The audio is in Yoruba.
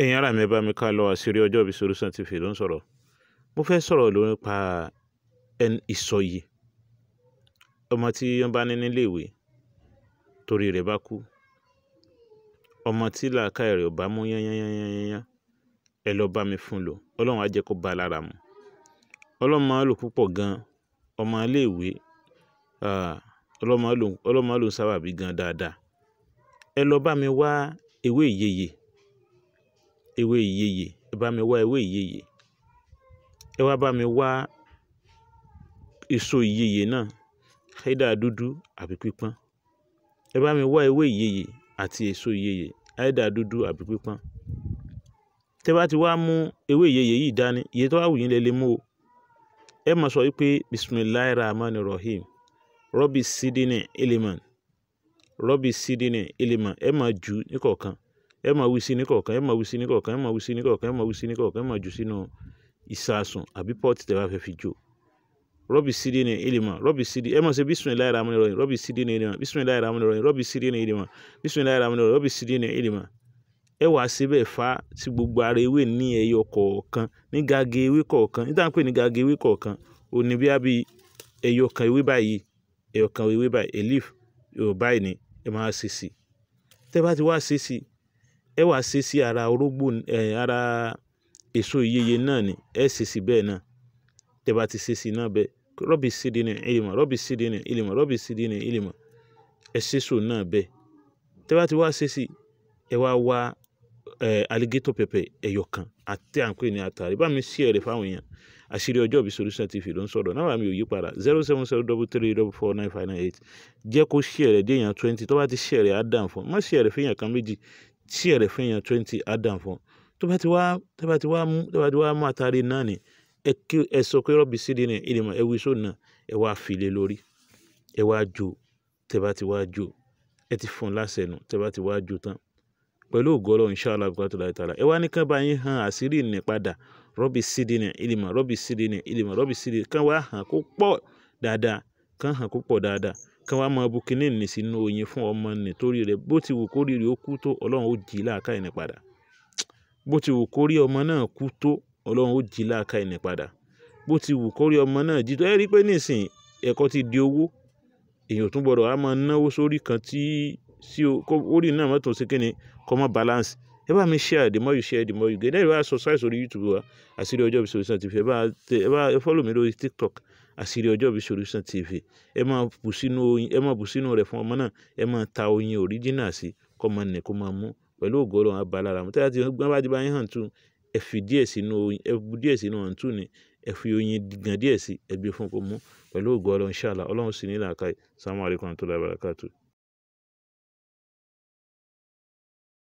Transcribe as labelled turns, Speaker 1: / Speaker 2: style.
Speaker 1: ẹ̀yin ara mi bá mi ká lọ àṣírí ọjọ́ ìbí solution ti fi ló ń sọ̀rọ̀ mo fẹ́ sọ̀rọ̀ ló nípa ìsọ̀yì ọmọ tí wọ́n bá ní níléèwé torí rẹ̀ bá kú ọmọ tí làákàyè rẹ̀ ò bá mú yányányányányán ẹ lọ bá mi fún lò ọlọ́run á jẹ́ kó bá lára mu ọlọ́run máa lò púpọ̀ gan ọmọ iléèwé ọlọ́run máa lò ń sábàbí gan dáadáa ẹ lọ bá mi wá ewé ìyeyè ewé ìyeyè ẹ bá mi wá ewé ìyeyè ẹ wá bá mi wá èso ìyeyè náà ẹ̀dà dúdú àbí pípọ́n ẹ bá mi wá ewé ìyeyè àti èso ìyeyè ẹ̀dà dúdú àbí pípọ́n tẹ́ bá ti wá mú ewé ìyeyè yìí dání iye tó wá wù yín lè lè mú o ẹ máa sọ wípé bisimilayi rahman rahim rọ́bì sídìní elimán rọ́bì sídìní elimán ẹ máa jù ú ẹ máa wí sí ní kọ̀ọ̀kan ẹ máa wí sí ní kọ̀ọ̀kan ẹ máa wí sí ní kọ̀ọ̀kan ẹ máa wí sí ní kọ̀ọ̀kan ẹ máa jù sínú ìsàsùn àbí pọ́ọ̀tì tẹ́ bá fẹ́ fi jò rọ́bì sídì ní ìlìmọ̀ rọ́bì sídì ẹ máa ṣe bismillahir rahmanir rahim rọ́bì sídì ní ìlìmọ̀ bismillahir rahmanir rahim rọ́bì sídì ní ìlìmọ̀ bismillahir rahmanir rahim rọ́bì sídì ní ìlìmọ̀ ẹ wàá ṣe bẹ́ẹ̀ fa sí gbogbo ara ewé ní ẹyọ kọ̀ọ̀kan ní gàgé ewé kọ̀ọ̀kan níta pé ní gàgé ewé kọ̀ọ̀kan òní bí abí ẹyọ kan ewé báyìí ẹyọ kan ewé báyìí elif yorùbá yìí ni ẹ máa ṣe sí tẹ́ bá ti wá ṣe sí ẹ wàá ṣe sí ara orógbó ara èso ìyeyè náà ni ẹ ṣe sí bẹ́ẹ̀ náà tẹ bá ti ṣe sí náà bẹ́ẹ̀ rọ́bì sídi ní ìlìmọ̀ rọ́bì sídi ní ìlìmọ̀ rọ́bì sídi ní ìlìmọ̀ ẹ ṣe sò náà bẹ́ẹ̀ tẹ bá ti wá ṣe sí ẹ wá wá alligator pepper ẹyọ kan àti àǹkóyè ní àtàrí bá mi ṣí ẹ̀rẹ̀ fáwọn èèyàn àṣírí ọjọ́ ìbí Solution TV ló ń sọ̀rọ̀ náà mi ò yí padà zero seven zero double three double four nine five nine eight jẹ́ kó ṣí ẹ̀rẹ̀ déèyàn twenty tó bá ti ṣí ẹ̀rẹ̀ á dàn fún ọ má ṣí fẹ́yàn kan méjì share rẹ̀ fẹ́yàn twenty adamfo tó bá ti wá tó bá ti wá mú tó bá ti wá mú àtàrí náà ni ẹ sọ pé rọ́bì sídìí ni ìdìmọ̀ ẹ wí sóun náà ẹ wá fìlè lórí ẹ wá jò tẹ bá ti wá jò ẹ ti fún un láṣẹ nù tẹ bá ti wá jò tán pẹ̀lú ògọ́lọ́ inṣàlá bukatu láì tààlà ẹ wá ní kán bá yín han hàn kó pọ̀ dáadáa kán hàn púpọ̀ dáadáa kán wá máa bu kinní nì sínú oyin fún ọmọ nì torí rẹ̀ bó ti wù kórí rẹ̀ ó kú tó ọlọ́run ó jí láàká ẹni padà bó ti wù kórí ọmọ náà kú tó ọlọ́run ó jí láàká ẹni padà bó ti wù kórí ọmọ náà jí tó ẹ rí pé nísìnyí ẹ̀kọ́ ti di owó èèyàn tún gbọ́dọ̀ á máa náwó sórí kan tí sí o orí náà mọ́tò sí kíni kọ́mọ́ balance ẹ bá mi share the more you share the more you get ẹ bá subscribe sórí YouTube wa àṣírí ọjọ́ ìṣòwò sàn ti fi ẹ bá ẹ follow mi lórí TikTok àṣírí ọjọ́ bí Solution TV ẹ máa bù sínú oyin ẹ máa bù sínú rẹ̀ fún ọmọ náà ẹ máa ta oyin original sí kọ́ máa nì kó máa mú pẹ̀lú ògo Ọlọ́run abalára mu tẹ́lá ti gbọ́n bá ti bá yín hàn tún ẹ fi díẹ̀ sínú oyin ẹ bu díẹ̀ sínú hàn tún ni ẹ fi oyin gan díẹ̀ sí ẹ gbé fún kó mú pẹ̀lú ògo Ọlọ́run Ọlọ́run sì ní làákàyè assalamu alaikum warahmatullahi wabarakatuh